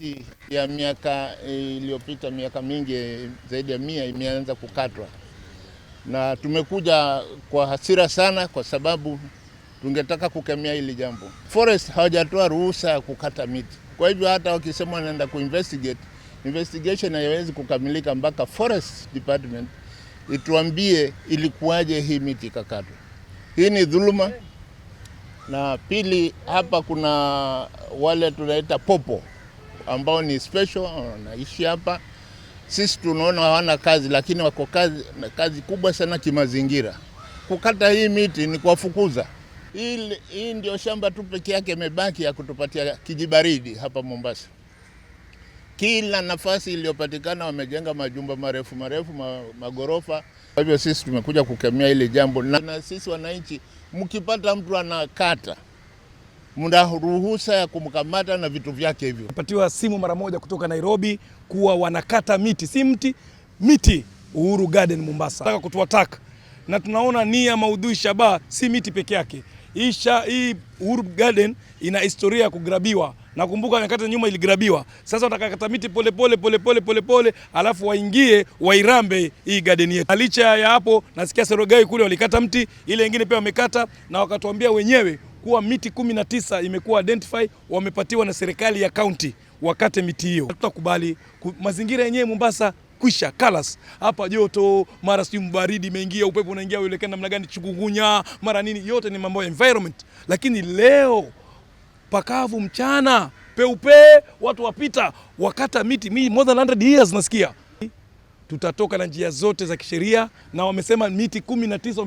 miti ya miaka eh, iliyopita, miaka mingi zaidi ya mia imeanza kukatwa, na tumekuja kwa hasira sana, kwa sababu tungetaka kukemea hili jambo. Forest hawajatoa ruhusa ya kukata miti, kwa hivyo hata wakisema wanaenda kuinvestigate, investigation haiwezi kukamilika mpaka Forest Department ituambie ilikuwaje hii miti ikakatwa. Hii ni dhuluma, na pili, hapa kuna wale tunaita popo ambao ni special wanaishi hapa. Sisi tunaona hawana kazi, lakini wako kazi, kazi kubwa sana kimazingira. Kukata hii miti ni kuwafukuza. Hii, hii ndio shamba tu peke yake imebaki ya kutupatia kijibaridi hapa Mombasa. Kila nafasi iliyopatikana wamejenga majumba marefu marefu magorofa. Kwa hivyo sisi tumekuja kukemea hili jambo, na sisi wananchi, mkipata mtu anakata mna ruhusa ya kumkamata na vitu vyake hivyo. Napatiwa simu mara moja kutoka Nairobi kuwa wanakata miti, si mti, miti Uhuru Garden Mombasa, nataka kutuwataka na tunaona nia maudhui shaba si miti peke yake. Isha, hii Uhuru Garden ina historia ya kugrabiwa. Nakumbuka nyakati nyuma iligrabiwa. Sasa watakakata miti pole pole pole pole pole pole, alafu waingie wairambe hii garden yetu. Licha ya hapo, nasikia Serogai kule walikata mti ile, nyingine pia wamekata na wakatuambia wenyewe kuwa miti 19 imekuwa identify, wamepatiwa na serikali ya kaunti wakate miti hiyo. Tutakubali mazingira yenyewe Mombasa kwisha kalas hapa, joto mara si baridi imeingia, upepo unaingia uelekea namna gani, chukungunya mara nini, yote ni mambo ya environment. Lakini leo pakavu, mchana peupe, watu wapita wakata miti mi more than 100 years nasikia. Tutatoka na njia zote za kisheria, na wamesema miti 19